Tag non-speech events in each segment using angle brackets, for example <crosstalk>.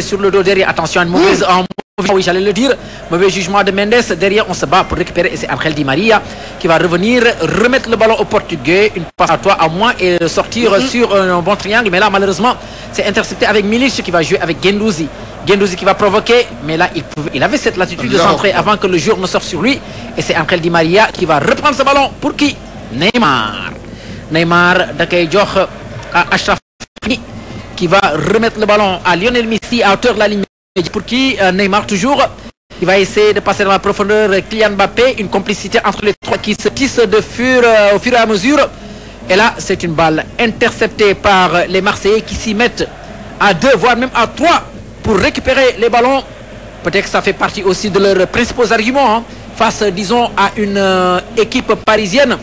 sur le dos derrière. Attention, une mauvaise, en oui, j'allais le dire, mauvais jugement de Mendes. Derrière, on se bat pour récupérer. Et c'est Angel Di Maria qui va revenir, remettre le ballon au Portugais. Une passe à toi, à moi et sortir mhm. sur un, bon triangle. Mais là, malheureusement, c'est intercepté avec Milic qui va jouer avec Gendouzi. Gendouzi qui va provoquer, mais là, il, pouvait, il avait cette latitude de centrer avant que le jour ne sorte sur lui. Et c'est Angel Di Maria qui va reprendre ce ballon. Pour qui Neymar. Neymar da à Achraf qui va remettre le ballon à Lionel Messi à hauteur de la ligne pour qui euh, Neymar toujours il va essayer de passer dans la profondeur euh, Kylian Mbappé une complicité entre les trois qui se tissent de fur euh, au fur et à mesure et là c'est une balle interceptée par les Marseillais qui s'y mettent à deux voire même à trois pour récupérer les ballons peut-être que ça fait partie aussi de leurs principaux arguments hein, face disons à une équipe parisienne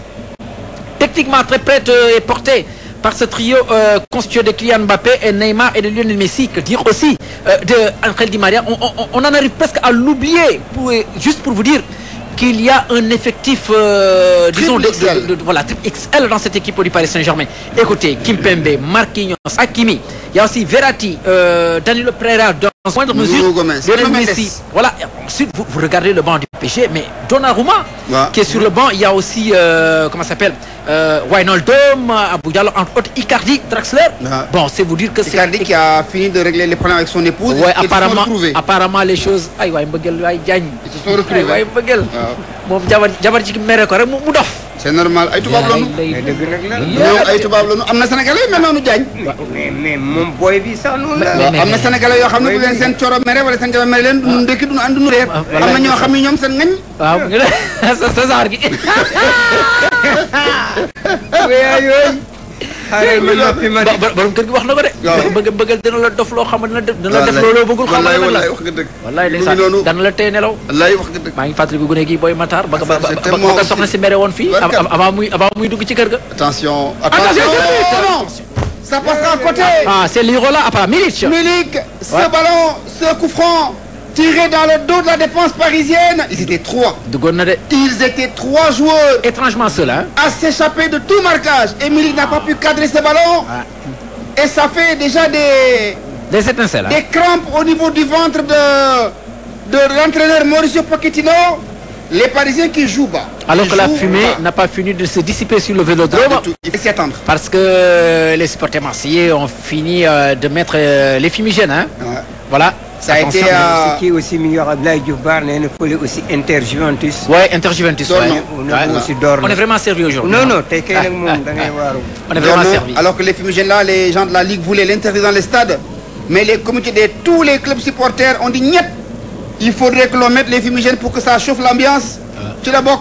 techniquement très prête et portée par ce trio euh, constitué de Kylian Mbappé et Neymar et de Lionel Messi, que dire aussi euh, de Angel Di Maria, on, en arrive presque à l'oublier, juste pour vous dire qu'il y a un effectif, euh, disons, de, de, XL dans cette équipe du Paris Saint-Germain. Écoutez, Kimpembe, Marquinhos, Hakimi, il y a aussi Verratti, Danilo Pereira, en moindre mesure, de Voilà, ensuite, vous, regardez le banc du péché, mais Donnarumma, qui est sur le banc, il y a aussi, euh, comment s'appelle, euh, Wijnaldum, Abou entre autres, Icardi, Draxler. Bon, c'est vous dire que c'est... Icardi qui a fini de régler les problèmes avec son épouse. apparemment, apparemment, les choses... c'est normal ay tubaab lañu. mais dëgg nag la ñoom ay tubaab lañu am na sénégalais yu mel yoo xam ne seen coro mere wala seen coro mere leen duñu ndekki duñu ànd duñu reer. am na ñoo xam ne ñoom seen ngañ. waaw <laughs> sa saar gi. <laughs> <laughs> xaaral ma noppi ma borom kër gi wax na ko de. waaw bëgg bëggal dina la dof loo xam ne dina def. dina la def looloo bëggul xam ne la wax nga dëgg. wallaay ndeysaan dana la tey nelaw. wallaay wax nga dëgg. maa ngi fàttali ko gune gi booy Matar. ba ba ba soxna si mere woon fii. avant muy avant muy dugg ci kër ga. attention attention. Ah ça passe à côté. ah c'est l'Irola à part Milik. Milik ce ballon ce coup franc. tiré dans le dos de la défense parisienne. Ils étaient trois. Ils étaient trois joueurs. Étrangement cela. Hein. À s'échapper de tout marquage. Emilie n'a pas pu cadrer ses ballons. Et ça fait déjà des... Des étincelles. Hein. Des crampes au niveau du ventre de, de l'entraîneur Mauricio Pochettino. Les Parisiens qui jouent bas. Alors que la fumée n'a pas fini de se dissiper sur le vélodrome. Il faut s'y attendre. Parce que euh, les supporters marseillais ont fini euh, de mettre euh, les fumigènes. Hein. Voilà, ça a été. Euh, ce qui est aussi meilleur, Ablaï Djoubar, il faut aussi Interjuventus. Oui, Interjuventus. Ouais. On, on est vraiment servi aujourd'hui. Non, non, t'es quel <laughs> monde. On est vraiment servi. Alors que les fumigènes là, les gens de la Ligue voulaient l'interdire dans les stades. Mais les comités de tous les clubs supporters ont dit niet. Il faudrait que l'on mette les fumigènes pour que ça chauffe l'ambiance. Tu la boc.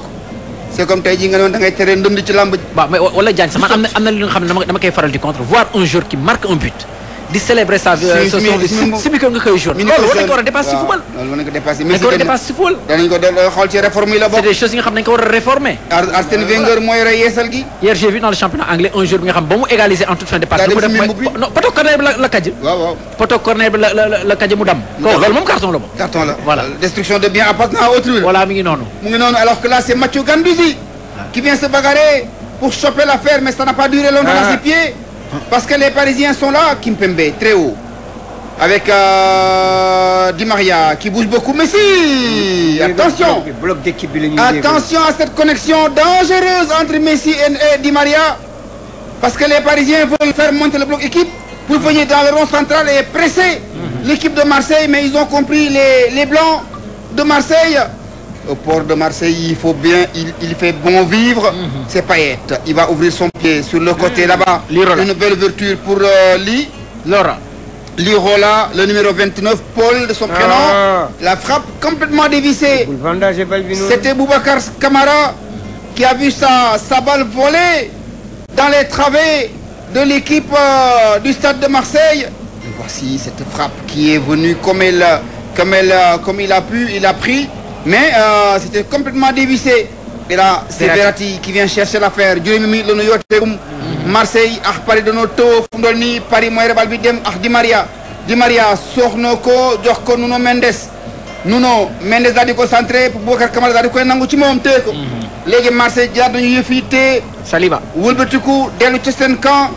c'est comme tu as dit que da ngay tere ndënd ci làmb. mais On l'a dit, man am na am li contre voir un joueur qui marque un but di célébrer sa eh, son C'est ko que koy joué loolu war nañ ko war a dépasser le football loolu war nañ dépasser mais ko war a dépasser si football danañ ko xool ci réforme yi la c'est des choses qui nga xam dañ ko a réformer Arsène Wenger mooy yore yeesal gi hier j'ai vu dans le championnat anglais un jour bi nga xam ba mu égaliser en toute fin de partie mu non corner bi la la kàjj waaw corner la la kàjj mu dam kooku carton là-bas. carton là. voilà euh, destruction de biens appartenant à autrui voilà mi ngi noonu mu alors que là c'est Mathieu Ganduzi ah. qui vient se bagarrer pour choper l'affaire mais ça n'a pas duré longtemps dans ah. ses pieds parce que les Parisiens sont là, Kimpembe, très haut. Avec euh, Di Maria qui bouge beaucoup. Messi, Attention Attention à cette connexion dangereuse entre Messi et, Di Maria. Parce que les Parisiens veulent faire monter le bloc équipe pour venir dans le rond central et presser mhm. l'équipe de Marseille. Mais ils ont compris les, les Blancs de Marseille au port de Marseille, il faut bien, il, fait bon vivre, mhm. c'est Payet. Il va ouvrir son pied sur le côté mhm. là-bas. Une belle ouverture pour euh, Li. Laura. Lirola, le numéro 29, Paul de son prénom. Ah. La frappe complètement dévissée. C'était Boubacar Camara qui a vu sa, sa balle voler dans les travées de l'équipe euh, du stade de Marseille. voici cette frappe qui est venue comme, elle, comme, elle, euh, comme il a pu, il a pris. Mais euh, c'était complètement dévissé. Et là, c'est Verratti qui vient chercher l'affaire. juróomi le la le New mhm. Marseille ah, Paris de tëw fu Paris mooy balbidem bi dem ah, Di Maria Di Maria soox Nuno Mendes Nuno Mendes a dû concentrer pour pouvoir Kamara daal di l'a nangu ci moom de ko mhm. Marseille Saliba Ou dellu ci seen camp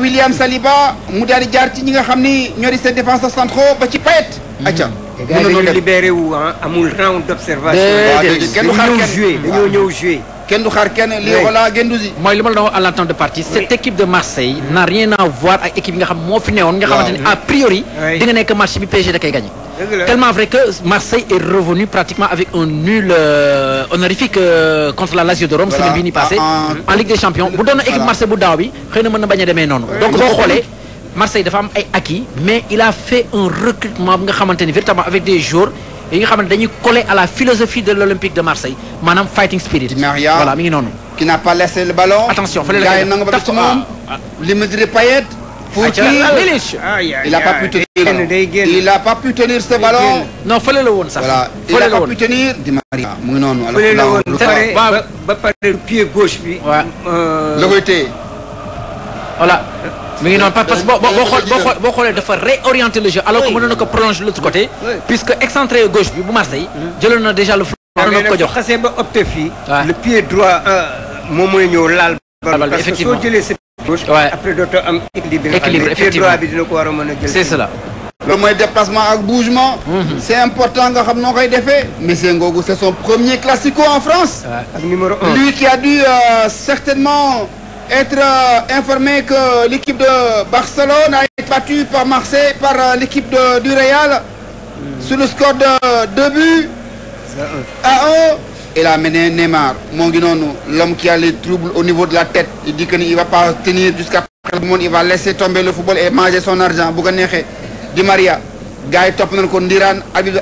William Saliba mu daal nga ni défense centrale ba ci Payet mhm gars yi libéré ou hein, amul round d'observation. déedéet nous du xaar kenn dañoo ñëw joué kenn du xaar kenn lii wala Guendouzi. mooy li ma la à l'entente de partie cette équipe de Marseille n'a rien à voir ak équipe yi nga xam moo fi newoon. nga xamante a priori. di nga nekk match bi PSG da koy gagné. tellement vrai que Marseille est revenu pratiquement avec un nul euh, honorifique euh, contre la Lazio de Rome c'est bii passé ah, ah. en Ligue des Champions bu doon équipe Marseille bu daaw bi xëy na mën na bañ a demee donc boo xoolee. Marseille dafa am ay acquis mais il a fait un recrutement nga véritablement avec des joueurs yi nga xam des dañuy coller à la philosophie de l'Olympique de Marseille maanaam fighting spirit. Maria voilà mais non, qui n'a pas laissé le ballon. attention fële la nga ba ah, ah. pour qui il a pas pu tenir il a pas pu tenir ce ballon. non fallait le voir ça. voilà il a pas pu tenir di Maria mais non, noonu. fële le woon bah, le pied gauche bi. waaw euh, voilà. Mais non, parce que réorienter le jeu alors que nous de l'autre côté. puisque excentré gauche Marseille. Mm-hmm. déjà le ah, le pied droit après c'est cela. Le déplacement le bougement. Mm-hmm. c'est important nga xam fait. Mais c'est un gogo, c'est son premier classico en France. lui qui a dû euh, certainement être euh, informé que l'équipe de Barcelone a été battue par Marseille, par euh, l'équipe du Real, hmm. sur le score de 2 buts à 1. Et là, mené Neymar, l'homme qui a les troubles au niveau de la tête, il dit qu'il ne va pas tenir jusqu'à le monde, il va laisser tomber le football et manger son argent. Di Maria, Gaï Top Ndiran, Abidou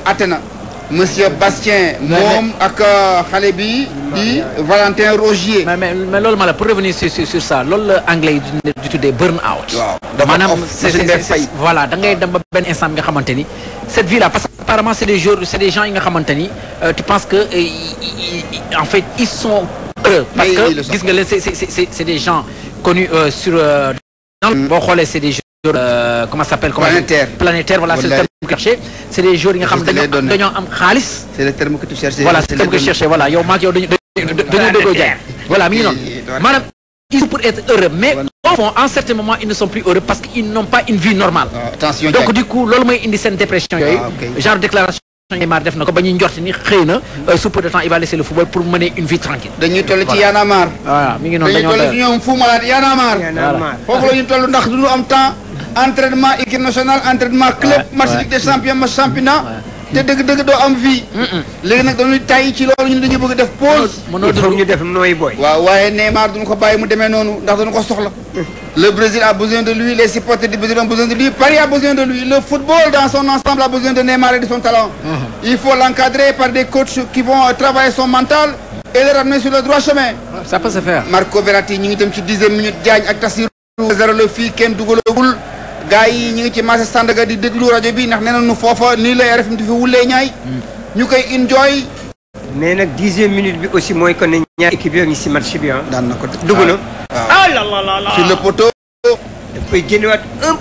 monsieur Bastien Mme Aka Khalebi euh, dit Valentin Rogier. mais mais mais pour revenir sur sur ça l'anglais, du anglais du burn out. voilà da ngay dem ba benn instant nga xamanteni cette vie là parce qu'apparemment c'est des jours c'est des gens yi nga xamanteni ni euh, tu penses que euh, en fait ils sont heureux. parce que c'est c'est des gens connus sur. boo xoolee c'est des euh, comment s'appelle planétaire planétaire voilà c'est le terme que cherché c'est les jours qui nga xam dañoo am c'est le terme que tu cherches voilà c'est le terme que cherché voilà yo maag yo dañu dañoo déggoo voilà mi ngi noonu ils sont pour être heureux mais au fond en certains moments ils ne sont plus heureux parce qu'ils n'ont pas une vie normale ah, attention donc du coup l'homme est indi seen dépression yooyu ah, genre déclaration Neymar def na ko ba ñuy njorti ni xëy euh, sous peu de temps il va laisser le football pour mener une vie tranquille dañuy toll ci Yanamar. voilà mi ngi noonu dañuy toll ci ñoom Fou Malade Yann Amar foofu toll du am temps entraînement équipe nationale entraînement club match Ligue des champions match championnat de dëgg-dëgg doo am vie. léegi dañuy ci mm. le Brésil a besoin de lui les supporters du Brésil ont besoin de lui Paris a besoin de lui le football dans son ensemble a besoin de Neymar et de son talent. Mm-hmm. il faut l'encadrer par des coachs qui vont euh, travailler son mental. et le ramener sur le droit chemin. ça peut se faire. Marco Verratti nous ngi dem ci dixième minute Diagne ak fil, zéro la fii gars yi ñu ngi ci marché Sandaga di déglu rajo bi ndax nee nañu foofa nii la RFM di fi wulee ñaay. Hmm. ñu koy enjoy. mais nag dixième minute bi aussi mooy que ne ñaari équipe yoo ngi si match bi ah. daan na ko def dugg na. ah, ah la la la sur le poteau. daf koy génnewaat un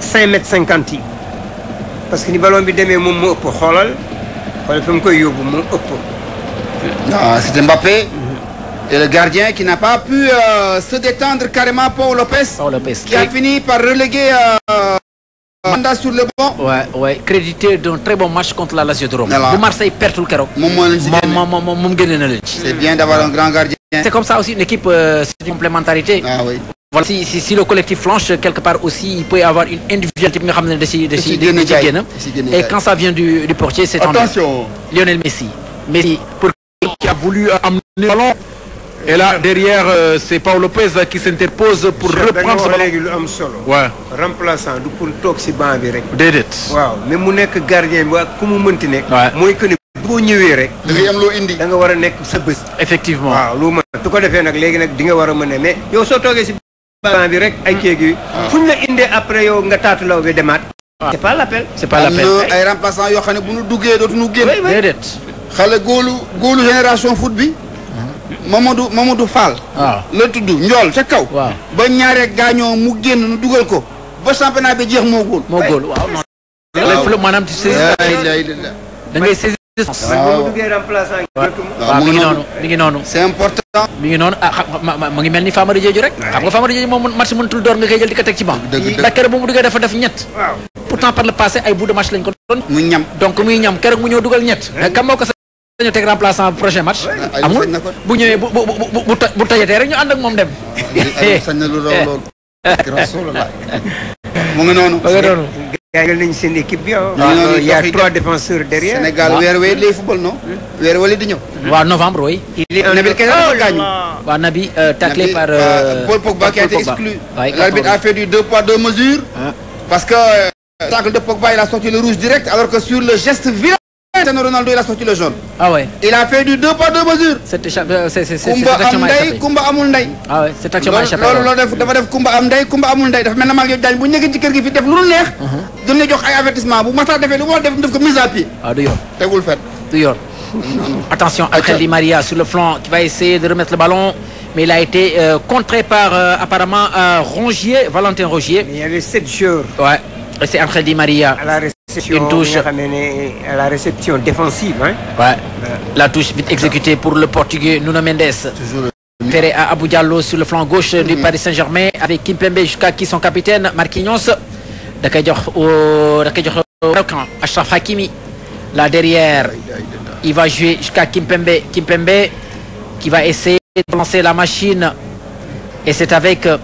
cinq mètres cinquante yi. parce que ni baloon bi demee moom mu ëpp xoolal. xoolal fi mu koy yóbbu moo ëpp. ah c'était Mbappé. Et le gardien qui n'a pas pu euh, se détendre carrément pour Lopez, Paul Lopez, qui a fini par reléguer euh, euh, Manda sur le banc. Ouais, ouais, crédité d'un très bon match contre la Lazio de Rome. Le Marseille perd tout le carreau. C'est bien d'avoir un grand gardien. C'est comme ça aussi une équipe, c'est une complémentarité. Ah, oui. voilà, si, si, le collectif flanche, quelque part aussi, il peut y avoir une individualité. Et quand ça vient du, portier, c'est Attention. Lionel Messi. Messi, pour qui a voulu amener le ballon et là, derrière, euh, c'est Paul Lopez qui s'interpose pour reprendre ce Ouais. remplaçant du pour toog si banc bi rek. déedéet. waaw mais mu nekk gardien bi ak ku mu mënti nekk. mooy que ne boo ñëwee rek. da ngay am loo indi. da nga war a nekk sa bés. effectivement waaw loo mën su ko defee nag léegi nag di nga war a mais yow soo toogee si banc bi rek ay kéeg yi. Ah. fu ñu la indee après yow nga taatu law bi demaat. Ah. c'est pas l'appel. c'est pas l'appel ay remplaçant yoo xam ne bu nu duggee dootuñu génn. déedéet xale góolu góolu génération foot bi. Mamadou Mamadou Fall. waaw ah. la tudd njool ca kaw. waaw ba ñaare gaañoo mu génn nu dugal ko ba championnat bi jeex moo góol. moo góol waaw da ngay saisir. waaw waaw mi ngi noonu mi ngi noonu. c'est ngi noonu ah xam ma ngi mel ni Famara Diédhiou rek. xam nga Famara Diédhiou moom match mënatul door nga koy jël di ko teg ci banc. keroog bu mu duggee dafa def ñett. pourtant par le ay bout de match ko doon. mu ñam donc muy ñam keroog mu ñëw dugal ñett. kan moo ko dañu teg remplaçant prochain match. amul bu ñëwee bu bu bu bu bu rek ñu and ak mom dem. sañ na lu raw lool. <laughs> mu ngi noonu. mu ngi seen équipe bi. Oh. y a trois défenseurs derrière. Sénégal weer wee lay football non. weer wala di ñëw. wa novembre oui. il est Nabil Keita dafa oh gaañu. waaw Nabi euh, taclé par. Euh, euh, Paul Pogba qui a été exclu. l'arbitre a fait du deux poids deux mesures. Ah. parce que tacle de Pogba il a sorti le rouge direct alors que sur le geste Cristiano Ronaldo il a sorti le jaune. Ah ouais. Il a fait du deux par deux mesures. C'était euh, c'est c'est Kumba am Kumba amul Ah ouais, c'est action échappé. Loolu loolu def dafa def Kumba am ndey Kumba amul ndey dafa mel na maa ngi dañ bu ñu ci kër gi fi def lu neex. Uh-huh. dañ lay jox ay avertissement bu mata defee lu mo def def ko mise à pied. Ah du yor. Tegul fet. Du yor. Attention Angel Di Maria sur le flanc qui va essayer de remettre le ballon mais il a été euh, contré par euh, apparemment euh, Rongier, Valentin Rongier. Mais il y avait sept joueurs. Ouais c'est Angel Di Maria. À la réception, une touche. À la réception défensive. Hein. Ouais. Euh. La touche vite exécutée pour le Portugais Nuno Mendes. Toujours Ferré à Abou Diallo sur le flanc gauche du mm-hmm. Paris Saint-Germain avec Kimpembe jusqu'à qui son capitaine Marquinhos. Achraf oh, oh, Hakimi. Là derrière, il va jouer jusqu'à Kimpembe. Kimpembe qui va essayer de lancer la machine. Et c'est avec euh,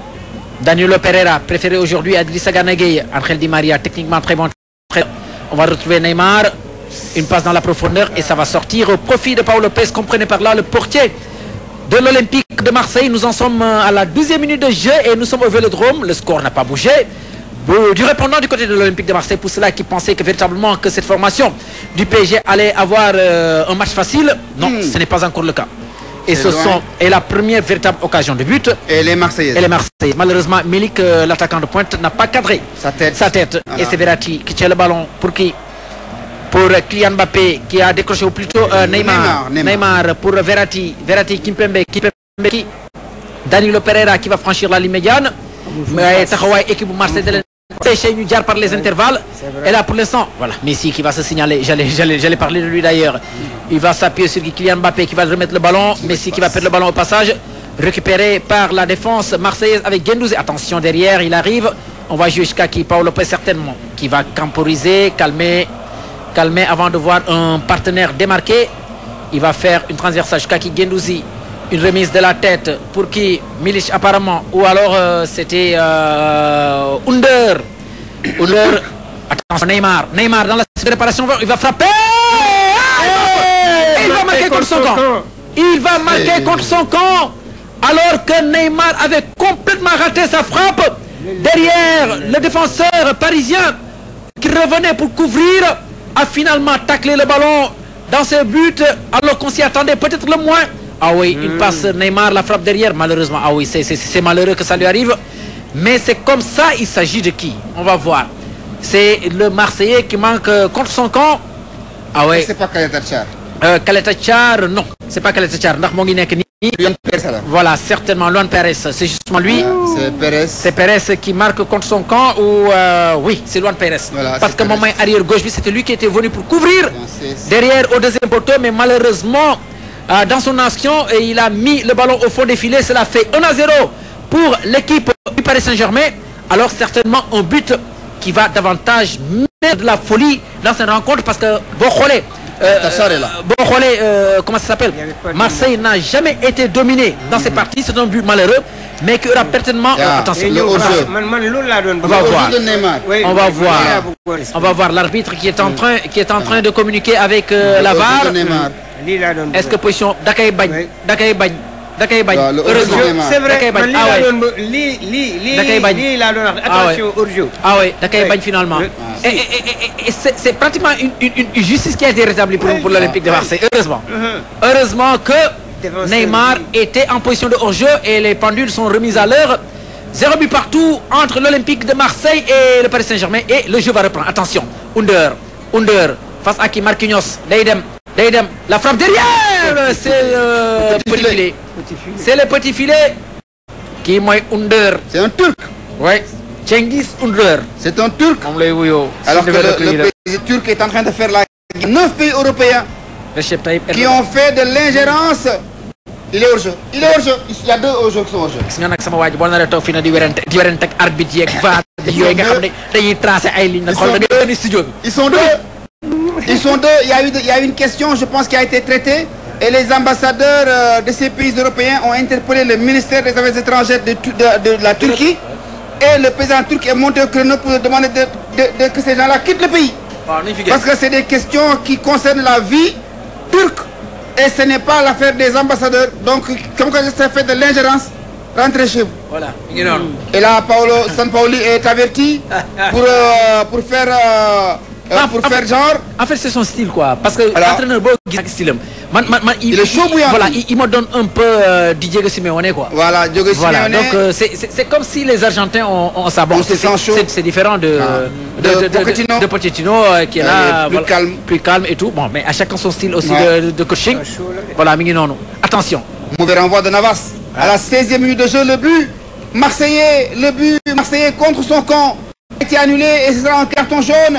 Danilo Pereira, préféré aujourd'hui à Idrissa Ganagay. Angel Di Maria, techniquement très bon. On va retrouver Neymar. Une passe dans la profondeur et ça va sortir au profit de Paolo Lopez. Comprenez par là le portier de l'Olympique de Marseille. Nous en sommes à la douzième minute de jeu et nous sommes au Vélodrome. Le score n'a pas bougé. Du répondant du côté de l'Olympique de Marseille, pour cela qui pensait que véritablement que cette formation du PSG allait avoir euh, un match facile, non, hmm. ce n'est pas encore le cas. Et, ce sont, et la première véritable occasion de but. Et les Marseillais. Et les Marseillais. Malheureusement, Milik, euh, l'attaquant de pointe, n'a pas cadré sa tête. Sa tête. Et c'est Verratti qui tient le ballon pour qui pour Kylian Mbappé qui a décroché ou plutôt euh, Neymar. Neymar, pour Verratti, Verratti Kimpembe, Kimpembe qui Danilo Pereira qui va franchir la ligne médiane. Mais équipe Marseille chez nous par les intervalles. Et là, pour l'instant, voilà, Messi qui va se signaler. J'allais parler de lui d'ailleurs. Il va s'appuyer sur Kylian Mbappé qui va remettre le ballon. Messi qui va perdre le ballon au passage. Récupéré par la défense marseillaise avec Gendouzi. Attention derrière, il arrive. On va jouer jusqu'à qui Paolo Lopez certainement. Qui va temporiser, calmer, calmer avant de voir un partenaire démarqué. Il va faire une transversale jusqu'à qui Gendouzi une remise de la tête pour qui Milic apparemment ou alors euh, c'était euh, Under Neymar Neymar dans la préparation il va frapper ah, il, va, marquer contre son camp il va marquer contre son camp alors que Neymar avait complètement raté sa frappe derrière le défenseur parisien qui revenait pour couvrir a finalement taclé le ballon dans ses buts alors qu'on s'y attendait peut-être le moins ah oui, il hmm. passe Neymar, la frappe derrière. Malheureusement, ah oui, c'est malheureux que ça lui arrive. Mais c'est comme ça, il s'agit de qui On va voir. C'est le Marseillais qui manque euh, contre son camp. Ah oui. C'est pas Kaletachar. Euh, Kaletachar, non. C'est pas Kaletachar. Voilà, certainement, Luan Pérez. C'est justement lui. Ah. C'est Perez. C'est Perez qui marque contre son camp. Ou, euh, oui, c'est Luan Pérez. Parce que moment arrière gauche, c'était lui qui était venu pour couvrir derrière au deuxième porteur, Mais malheureusement, euh, dans son action et il a mis le ballon au fond des filets. Cela fait 1 à 0 pour l'équipe du Paris Saint-Germain. Alors certainement un but qui va davantage mettre de la folie dans cette rencontre parce que relais. Euh, euh, bon euh, comment ça s'appelle Marseille n'a jamais été dominé dans ces mm-hmm. parties c'est un but malheureux mais y aura certainement attention on va voir on va voir on va voir l'arbitre qui est en mm. train qui est en ah. train de communiquer avec mm. la VAR mm. est-ce que position da Bagne, c'est vrai attention ah, ah oui ah finalement. c'est pratiquement une justice qui a été rétablie pour pour l'Olympique de ah Marseille heureusement. Uh-huh. heureusement que Neymar était en position de hors-jeu et les pendules sont remises à l'heure. Zéro but partout entre l'Olympique de Marseille et le Paris Saint-Germain et le jeu va reprendre. Attention, Under, Under, face à qui Marquinhos, Daydem, la frappe derrière, c'est le euh, petit c'est le petit filet qui Under c'est un turc c'est un turc alors que le, pays turc est en train de faire la neuf pays européens qui ont fait de l'ingérence il est jeu il il y a deux sont jeu ils sont deux ils sont deux il y a il y a une question je pense qui a été traitée et les ambassadeurs euh, de ces pays européens ont interpellé le ministère des Affaires étrangères de, la Turquie et le président turc est monté au créneau pour demander de, que ces gens-là quittent le pays. Parce que c'est des questions qui concernent la vie turque et ce n'est pas l'affaire des ambassadeurs. Donc, comme quand ça fait de l'ingérence, rentrez chez vous. Voilà. Et là, Paolo San est averti <laughs> pour, euh, pour faire... Euh, euh, ah, pour faire genre. En fait, c'est son style, quoi. Parce que l'entraîneur, il, est chaud Voilà, il, me donne un peu euh, Didier Simeone, quoi. Voilà, Diego voilà. Donc, euh, c'est comme si les Argentins ont, sa C'est différent de, ah. de, Pochettino, euh, qui est là. Plus, calme. plus calme. et tout. Bon, mais à chacun son style aussi de, coaching. Voilà, mais non, Attention. Mauvais renvoi de Navas. À la 16e minute de jeu, le but. Marseillais, le but Marseillais contre son camp a été annulé et ce sera un carton jaune.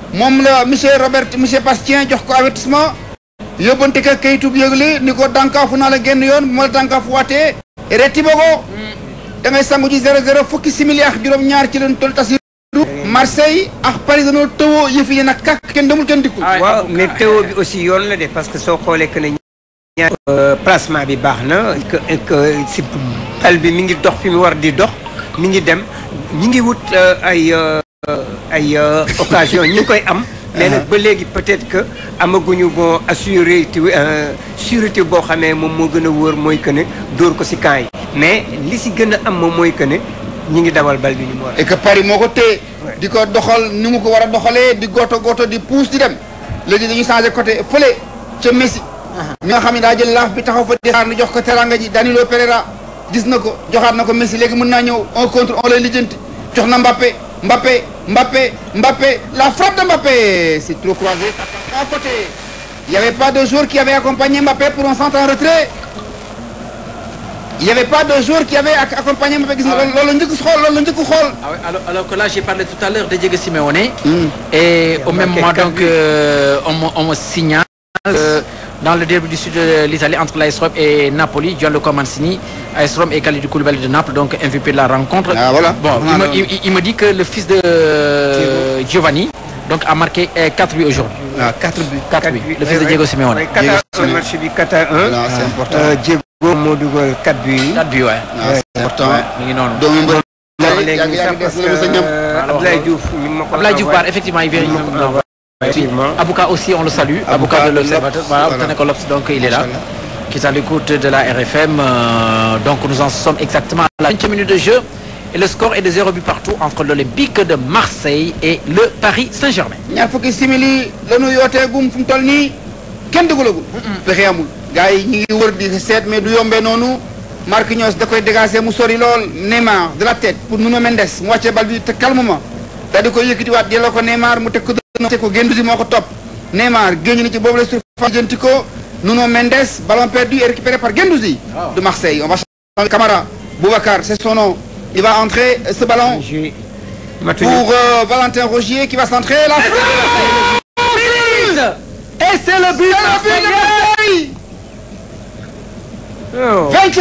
moom la monsieur Robert monsieur Bastien jox ko avertissement yóbbante ka kayitub yëgle ni ko dànkaafu naa la génn yoon bu ma la dànkaafu waatee retti bogo da ngay sangu ji zéro zéro fukki simili ak juróom-ñaar ci leen tol tasiru Marseille ak Paris noo tëwoo yëfi yi nag kàkk kenn demul kenn dikkul ah, waaw mais tëwoo bi aussi yoon la de parce que soo xoolee que ne ñaar euh, bi baax na si bal bi mi ngi dox fi mu war di dox mi ngi dem ñi ngi wut euh, ay euh, Euh, ay euh, occasion ñu ngi koy am. mais nag ba léegi peut-être que amaguñu bon assuré euh, sûreté boo xamee moom moo gën a wóor mooy que ne dóor ko ci camp yi. mais li si gën am moom mooy que ne ñu ngi dawal bal bi ñu mu war que Paris moo ko téye. di ko doxal ni mu ko war a doxalee di goto goto di puus di dem. léegi dañu changé côté fële ca Messi. Uh-huh. mi nga xam ne daa jël laaf bi taxaw fa di xaar ñu jox ko teranga ji Danilo Pereira gis na ko joxaat na ko Messi léegi mën naa ñëw un contre un lay lijjanti jox na Mbappé. Mbappé, Mbappé, Mbappé. La frappe de Mbappé, c'est trop croisé, Il n'y avait pas de joueur qui avait accompagné Mbappé pour un centre en retrait. Il n'y avait pas de joueur qui avait accompagné Mbappé. Ah ah alors, alors que là, j'ai parlé tout à l'heure de Diego Simeone. Hmm. Et, au même moment, donc, euh, on, on me signale. Euh, dans le début du sud de l'Italie entre l'AS Rome et Napoli. Gianluca Mancini, AS Rome et Khalid Koulibaly de Naples, donc MVP de la rencontre. Ah, voilà. Bon, ah, il, me, il, il, me, dit que le fils de euh, Giovanni donc, a marqué 4 eh, buts aujourd'hui. Ah, 4 buts. 4 buts. Le fils de Diego Simeone. 4 à 1. C'est important. Euh, Diego Modugo, 4 buts. 4 buts, ouais. Ah, c'est important. non. Euh, Diouf, effectivement, il vient. Effectivement. Abouka aussi, on le salue. Abouka, de l'Observateur, voilà, voilà. donc il est là, qui est à l'écoute de la RFM. Euh, donc nous en sommes exactement à la 20 minute de jeu. Et le score est de 0 but partout entre l'Olympique de Marseille et le Paris Saint-Germain. ñaar fukki simili la ñu yooteegum fu mu toll nii kenn dugalagul. pexe amul gars ngi wër di seet mais du yombee noonu Marquinhos da koy dégager mu sori lool Neymar de la tête pour Nuno Mendes mu wàccee bal bi te calmement dit le but de delloo Neymar mu teg ko ko Neymar Gendouzi Boble ci la Nuno Mendes ballon perdu et récupéré par Gendouzi de Marseille on va changer Camara Boubacar c'est son nom il va entrer euh, ce ballon pour euh, Valentin Rogier qui va centrer là. et c'est le but de Marseille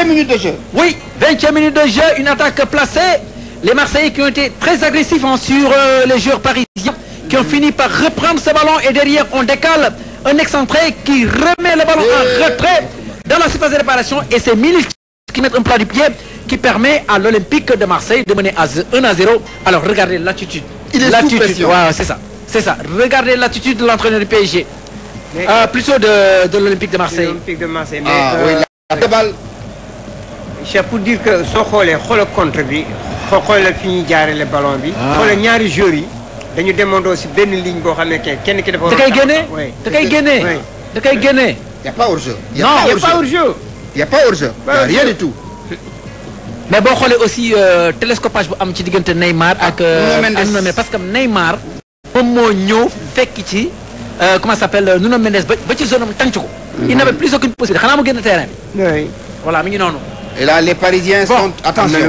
20e minute de jeu oui 20e minute de jeu une attaque placée les Marseillais qui ont été très agressifs hein, sur euh, les joueurs parisiens, qui ont fini par reprendre ce ballon et derrière on décale un excentré qui remet le ballon en retrait dans la surface de réparation et c'est Milic qui met un plat du pied qui permet à l'Olympique de Marseille de mener à 1 à 0. Alors regardez l'attitude. Il est l'attitude. c'est ça. C'est ça. Regardez l'attitude de l'entraîneur du PSG. plus euh, plutôt de, l'Olympique de Marseille. L'Olympique de Marseille. ah, euh, pour dire que rôle le contre lui, foo xoolal fi ñuy ballon bi. Ah. xoolal ñaari jury yi dañu demandoo si ligne boo xam ne kenn ki y' a pas hors-jeu. y' a pas y' a pas hors rien du tout. mais boo xoolee aussi euh, télescopage bu am ci diggante Neymar ak. Ah, euh, Nuno Mendes parce que Neymar. Euh, comment s'appelle Nuno Mendes ba ci zone mm-hmm. il n'avait plus aucune possibilité voilà et là les Parisiens sont attention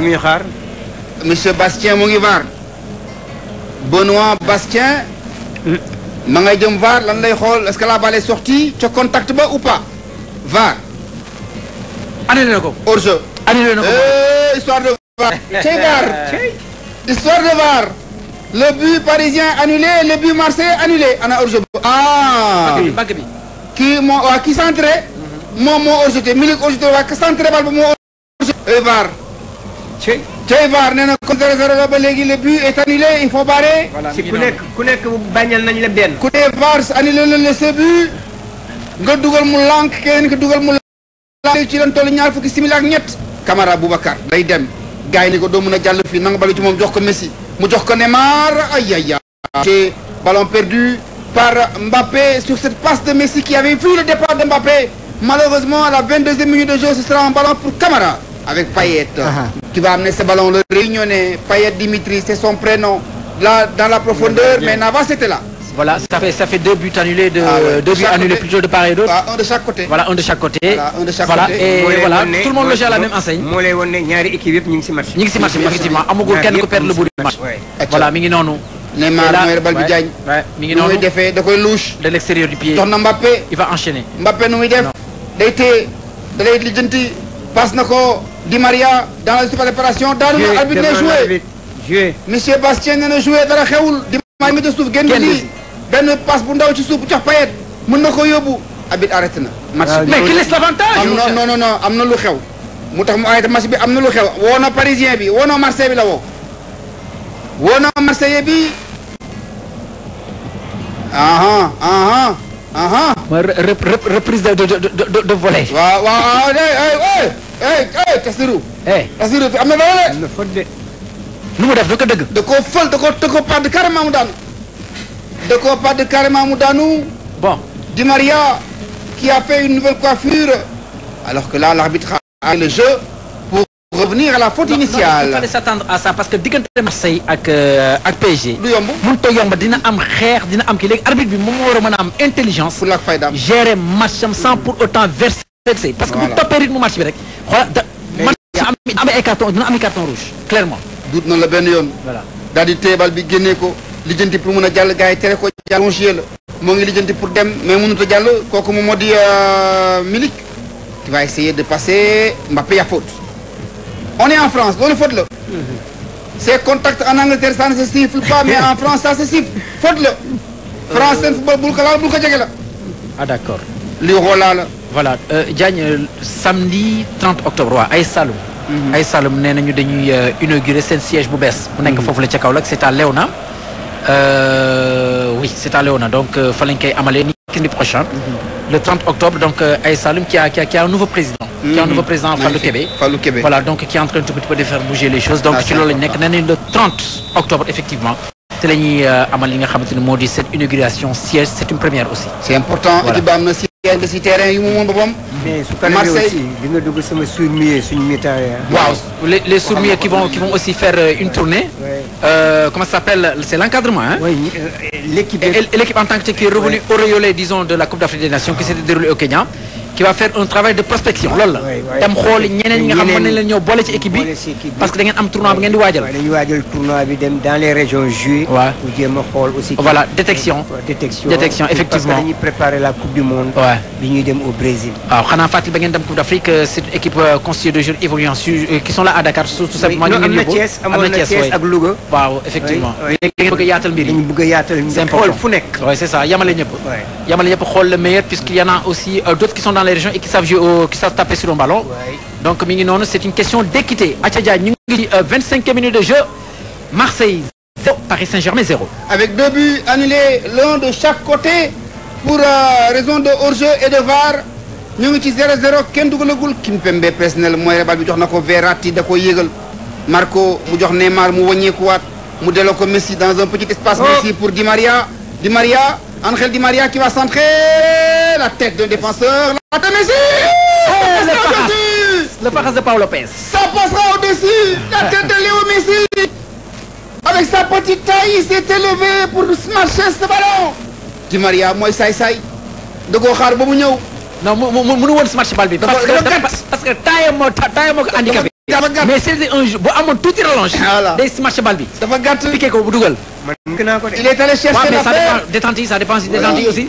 monsieur Bastien mu Benoît Bastien je euh. ngay jëm est-ce que la balle est sortie Tu contact ba ou pas Var. annulé le ko hors-jeu eh, histoire de Var. <laughs> cey Var. histoire de Var. le but parisien annulé le but marseillais annulé ana hors-jeu ah bagg bi kii Qui waa qui centré mhm. moom moo hors Milik hors-jeu centré moi, balle moo hors-jeu eh, Chez. Thioye Var nee na comme 0-0 la ba léegi le but est annulé il faut barrer. voilà si ku nekk ku nekk bañal nañ la benn. ku dee Var annulé le le ce but nga dugal mu lànk keneen ki dugal mu lànk ci lan toll ñaar fukki simili ak ñett. Camara Boubacar day dem gars yi ko doo mën a jàll fii nanga bal ci moom jox ko Messi mu jox ko Neymar ay ay ay. ballon perdu par Mbappé sur cette passe de Messi qui avait vu le départ de Mbappé malheureusement à la 22e minute de jeu ce sera un ballon pour Camara avec Payet. Uh -huh. Tu vas amener ce ballon, le réunionnais. Payet Dimitri, c'est son prénom. Là, dans la profondeur, mais Navas était là. Voilà, ça fait, ça fait deux buts annulés, de, ah ouais, deux de buts annulés côté. plutôt de part et d'autre. Ah, un de chaque côté. Voilà, un de chaque côté. Voilà, un de chaque voilà. côté. Et voilà, tout le monde le gère à la même enseigne. Moi les woon ne ñaari équipe yëpp ñu ngi si match. ñu ngi si match effectivement amagul kenn ku perdre le bout du match. Voilà, mi ngi noonu. Neymar mooy bal bi Diagne. mi ngi noonu. da koy louche. de l'extérieur du pied. jox Mbappé. il va enchaîner. Mbappé nous, il def. D'été, de da lay lijjanti passe na Di Maria dans la préparation dans le arbitre joué monsieur Bastien ne jouait joué la xewul Di Maria de passe bu ndaw ci mën na ko arbitre ah, mais qui laisse l'avantage non non non non. lu xew match bi lu xew parisien bi wono Marseille bi la wo aha aha Uh-huh. reprise de de de de volet. Wa, eh eh eh Kassirou. eh Kassirou fi amna de de. nu mu def da carrément De quoi de carrément bon Di Maria qui a fait une nouvelle coiffure alors que là l'arbitre a le jeu revenir à la faute initiale. il fallait s'attendre à ça parce que diggante Marseille ak euh, ak PSG. du yomb yomb dina am xeex dina am kii leg arbitre bi mo wara meuna am intelligence. pour la fayda gérer match sans pour autant verser. parce que bu toppee rythme match bi rek man am ay carton dina am carton rouge clairement. duut na la ben yoon. voilà daal di teebal bi génnee ko lijjanti pour meuna jall gaay téré ko jàll. longé la moo ngi lijjanti pour dem mais mënut jall jàll kooku moom di euh, Milik. qui va essayer de passer Mbappé à faute. On est en France, on le faute-le. Ces contacts en Angleterre, ça ne se siffle pas, mais en France, ça se siffle. Faute-le. France, c'est football, boulkala, Ah d'accord. Le rola Voilà, euh, euh samedi 30 octobre, à Salou. ay nous avons inauguré dañuy euh, inaugurer siège bu bees bu nekk mhm. foofu la ca c'est à Léona euh, oui c'est à Léona donc fa lañ amalé qui ni le prochain mhm le 30 octobre, donc euh, Aïe Saloum qui a, un nouveau président, qui a un mhm. nouveau président Fallou Québec. Fallou Voilà, donc qui est en train de, de faire bouger les choses. Donc, ah, le 30 octobre, effectivement, c'est euh, cette inauguration siège c'est une première aussi. C'est important équipe a terrain mais hein. les les qui vont qui vont aussi faire euh, une tournée. Euh, comment ça s'appelle C'est l'encadrement. Hein? oui L'équipe en tant que telle qui est revenue au rayolet, disons de la Coupe d'Afrique des Nations qui ah. s'est déroulée au Kenya qui va faire un travail de prospection Lol. équipe parce que da ngeen am tournoi dans les régions aussi voilà détection détection effectivement que préparer la coupe du monde au Brésil ba ngeen d'Afrique euh, cette équipe euh, de jeunes euh, qui sont là à Dakar surtout simplement ñu niveau. à ak Louga effectivement yaatal yaatal c'est le meilleur puisqu'il y en a aussi d'autres qui sont les régions et qui savent jouer au, qui savent taper sur le ballon. Donc mi c'est une question d'équité à 25 ngi 25 euh, minutes de jeu Marseille 0 Paris Saint-Germain 0. Avec deux buts annulés l'un de chaque côté pour euh, raison de hors-jeu et de VAR nous ngi 0-0 qui du Kimpembe presse na la mooy rebal bi jox Marco mu Neymar mu Messi dans un petit espace ici oh. pour Di Maria Di Maria Angel Di Maria qui va centrer la tête d'un défenseur Patin eh, Le paras de Paolo Lopez. Ça passera au-dessus La <laughs> tête de Léo Messi Avec sa petite taille, il s'est élevé pour smasher ce ballon Di Maria moi ça, saay da koo xaar ba mu ñëw non mu mu mënu woon smash ball bi parce que parce que taille moo taille moo ko handicapé mais c'est un jeu bu amoon tuuti relance Des smash ball bi dafa gàtt piqué ko bu dugal il est allé chercher la paix mais ça dépend des yi ça dépend détente yi aussi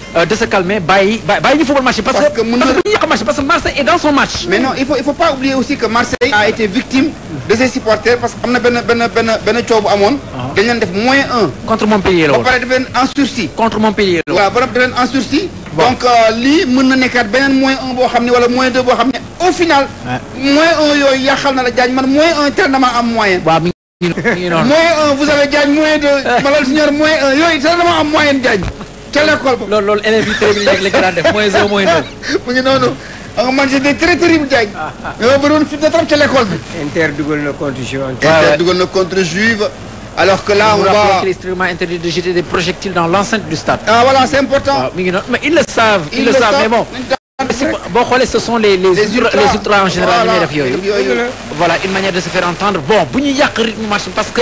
Euh, de se calmer parce que Marseille est dans son match. mais non il faut il faut pas oublier aussi que Marseille a été victime de ses supporters parce que ah. moins un. contre mon pays. contre mon pays. donc euh, lui moins un moins au final. moins un moins un moyen. moins un vous avez gagné moins de. <laughs> moins un ca école ba. loolu loolu élèves yi très bien rek la ñu daan def moins un moins deux. <laughs> mu ngi noonu ah man j'étais très terrible Diagne. dama <laughs> bëriwoon fitna trop ca l'école bi. inter dugal na contre juive. inter dugal na contre juive. alors que là on va strictement interdit de jeter des projectiles dans l'enceinte du stade. ah voilà c'est important. mi ngi noonu mais ils le savent. ils le savent mais bon. boo xoolee ce sont les les ultras les ultras en général. voilà def voilà une manière de se faire entendre bon bu ñu yàq rythme match parce que.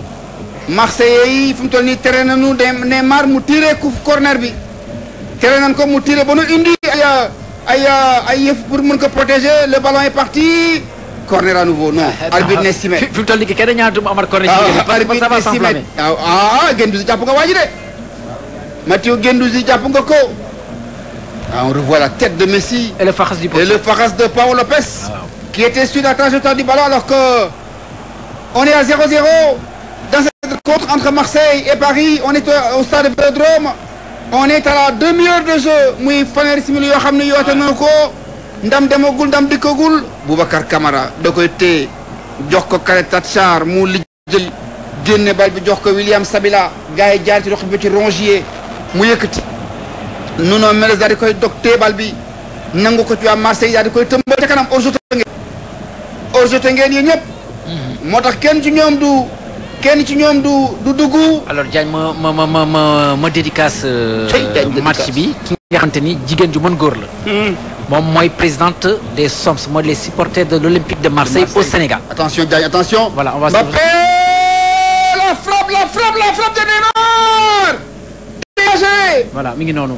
Marseille yi faut mu toll nii tere nañu Neymar mu tiré coup corner bi tere nañ ko mu tiré ba nu indi ay ay ay yëf pour mën ko protéger le ballon est parti. corner à nouveau non. Ah, arbitre ah, ne simet fi mu toll de kenn ñaanatu mu le corner ci ah Gendouzi japp nga Mathieu Gendouzi japp nga ko. ah on revoit la tête de Messi. et le face du et le de Paul Lopez. Ah, qui était sur la trajectoire du ballon alors que on est à 0-0 dans cette côte entre Marseille et Paris on est au stade Vélodrome on est à la demi-heure de jeu muy fanweeri simili yo xam yo yoote na ko ndam demagul ndam dikkagul Boubacar Camara da koy téye jox ko Kale Tatchar mu lijjël génné bal bi jox ko William Sabila gaay yi jaar ci dox bi ci Rongier mu yëkëti Nuno Mendes da di koy dog téye bal bi nangu ko ci waa Marseille da di koy tëmbal ca kanam au jeu ngeen au ñëpp mhm. moo kenn ci ñom du ci du du alors Diagne ma ma ma ma ma ma dédicace. Euh, match bi ki nga du ni ju mën hmm. présidente des sommes moi, les supporters de l'Olympique de Marseille au Sénégal. attention attention. voilà on va Mbappé la frappe la frappe la frappe de Neymar. voilà mi non non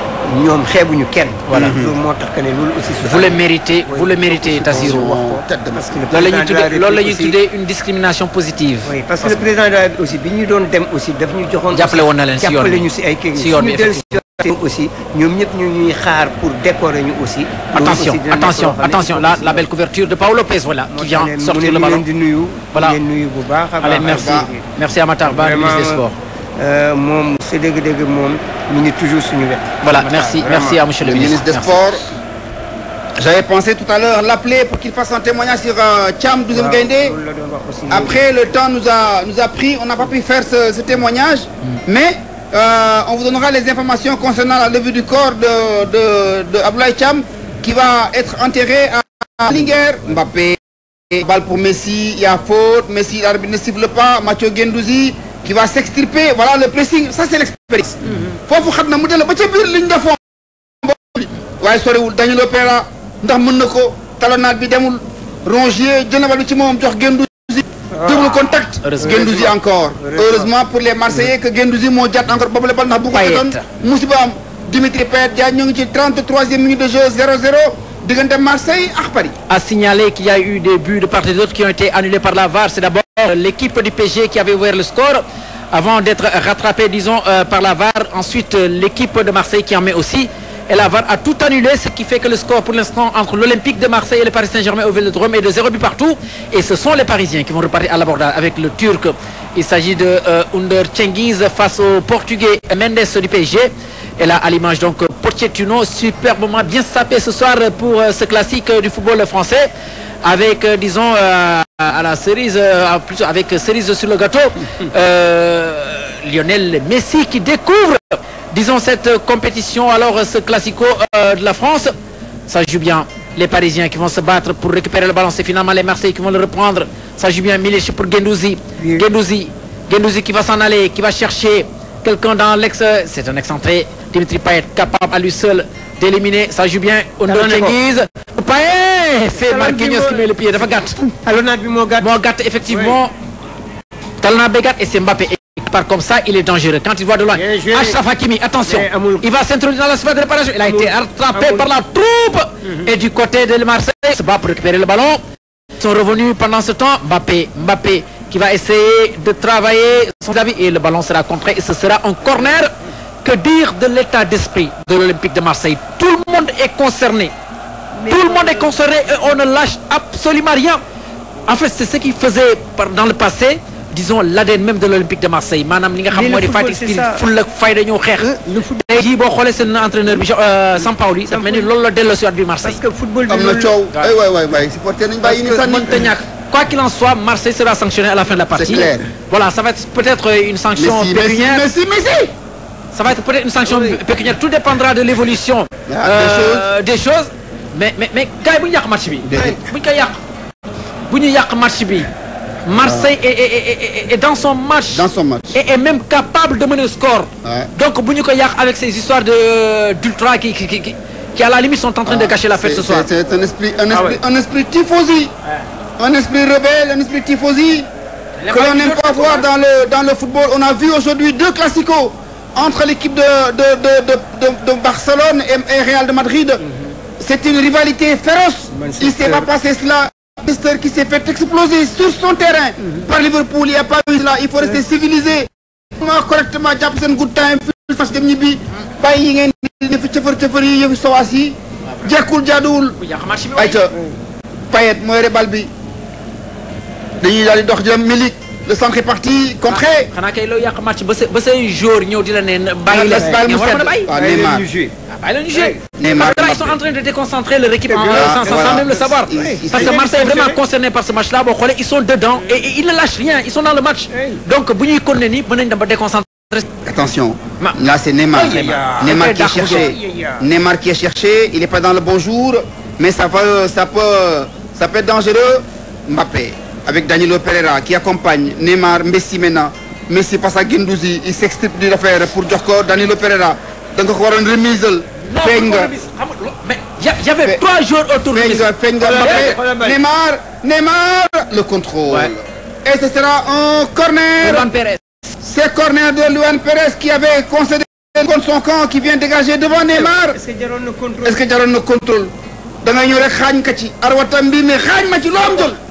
voilà mm-hmm. vous le méritez vous le méritez et parce que le président de une discrimination positive. oui parce que le président de aussi bien eu doon dem aussi daf nous joxoon. jàppale na leen si aussi nous ñëpp ñuy xaar pour décorer ñu aussi. attention attention attention là la belle couverture de Paolo Lopez voilà. qui vient sortir le ballon voilà. merci merci à Matarba, ministre des sports. Euh, c'est sa mon toujours sur nous voilà merci merci à monsieur le ministre des Sports. J'avais pensé tout à l'heure l'appeler pour qu'il fasse un témoignage sur Cham euh, Thiam de Après, le temps nous a nous a pris, on n'a pas pu faire ce, témoignage. Mm. Mais euh, on vous donnera les informations concernant la levée du corps de de de qui va être enterré à Linger. Mbappé, balle pour Messi, il y a faute, Messi l'arbitre ne siffle pas, Mathieu Guendouzi qui va s'extirper voilà le pressing ça c'est l'expérience foofu vous na mu parce ba ca biir liñ defoon mbooli waaye soriwul dañu l'opéra ndax mën na ko talonnade bi demul Rongier je ne bal bi ci Gendouzi. jox ah. Guendouzi double contact Gendouzi encore heureusement pour les Marseillais que Gendouzi moo jàtt encore Pas le bal ndax beaucoup de doon Dimitri Payet Dia ci 33e minute de jeu 0-0 de Marseille à Paris. A signaler qu'il y a eu des buts de part et d'autre qui ont été annulés par la VAR. C'est d'abord euh, l'équipe du PG qui avait ouvert le score avant d'être rattrapée, disons, euh, par la VAR. Ensuite, euh, l'équipe de Marseille qui en met aussi. Et la VAR a tout annulé, ce qui fait que le score pour l'instant entre l'Olympique de Marseille et le Paris Saint-Germain au Vélodrome est de 0 but partout. Et ce sont les Parisiens qui vont repartir à l'abordage avec le Turc. Il s'agit de Under face au Portugais Mendes du PSG. Et là, à l'image donc Pochettino, superbement bien sapé ce soir pour euh, ce classique euh, du football français avec, euh, disons, à la cerise, avec cerise sur le gâteau, <laughs> Lionel Messi qui découvre, disons, cette compétition, alors ce classico de la France. Ça joue bien. Les Parisiens qui vont se battre pour récupérer le ballon, c'est finalement les Marseillais qui vont le reprendre. Ça joue bien. Milieu pour Gendouzi. Gendouzi. Gendouzi qui va s'en aller, qui va chercher. Quelqu'un dans l'ex, c'est un excentré. Dimitri Payet capable à lui seul d'éliminer. Ça joue bien. On donne guise. Payet c'est Marquinhos qui met le pied. Dafa Gat, Alors bi effectivement. Talana bi et c'est Mbappé. Par comme ça, il est dangereux. Quand il voit de loin, Achraf Hakimi, attention, il va s'introduire dans la sphère de réparation. Il a été rattrapé par la troupe. Mhm. Et du côté de Marseille, se bat pour récupérer le ballon. Ils sont revenus pendant ce temps. Mbappé, Mbappé, qui va essayer de travailler son avis et le ballon sera contré et ce sera un corner. Que dire de l'état d'esprit de l'Olympique de Marseille Tout le monde est concerné. Tout le monde est concerné et on ne lâche absolument rien. En fait, c'est ce qu'il faisait dans le passé disons l'ADN même de l'Olympique de Marseille manam li nga xam moo di Fatih Team ful ak fayda ñëw xeex. Euh, tey jii boo xoolee seen entraîneur bi euh, San dafa mel ni lolu la delloosiwaat bi Marseille. parce que football am na coow eh, ay way way waay supporter nañ bàyyi ni sànni mënta ñak quoi qu'il en soit Marseille sera sanctionné à la fin de la partie. voilà ça va être peut-être une sanction pécuniaire Messi Messi ça va être peut-être une sanction pécuniaire tout dépendra de l'évolution ah, euh, des choses mais mais mais gars bu ñak match bi. buñ ko koy buñu bu match bi Marseille est, dans son match. Et est même capable de mener le score. Donc Bouniko avec ses histoires euh, d'ultra qui à la limite sont en train de cacher ah, la fête ce soir. C'est un esprit, un ah esprit, un esprit tifosi. Un esprit rebelle, un esprit tifosi. Que l'on n'aime pas voir dans le, dans le football. On a vu aujourd'hui deux classicos entre l'équipe de, de, Barcelone et, Real de Madrid. Mhm. C'est une rivalité féroce. Il ne s'est pas passé cela. Manchester qui s'est fait exploser sur son terrain par Liverpool il n'y a pas eu cela il faut rester civilisé ma correctement jàpp seen good time fil fas dem ñibbi bàyyi yi ngeen defi cëfër cëfër yi yëfi sowaas yi jekkul jaaduwul ayca Payet mooy rebal bi dañuy daal di dox jëm Milik le centre est parti contre xanaa a match ba un ba say nous ñëw la ne. bàyyi ils sont en train de déconcentrer leur équipe sans même le savoir. parce que Marseille est vraiment concerné par ce match là bon ils sont dedans et ils ne lâchent rien ils sont dans le match. donc bu ñuy continuer nii déconcentrer. Attention, là c'est Neymar. Neymar qui est cherché. Neymar qui est cherché, il n'est pas dans le bon jour, mais ça va, ça peut, ça peut être dangereux. Mbappé avec Danilo Pereira qui accompagne Neymar Messi maintenant Messi passe à Guindouzi, il s'extirpe de l'affaire pour Djokovic, Danilo Pereira Donc on remise le y' avait trois jours autour. de Neymar Neymar le contrôle. et ce sera un corner. c'est corner de Luan Perez qui avait concédé contre son camp qui vient dégager devant Neymar. est-ce que j'ai le contrôle est-ce que jaroon le contrôle. Dans nga ñëw rek ci. arwatam mais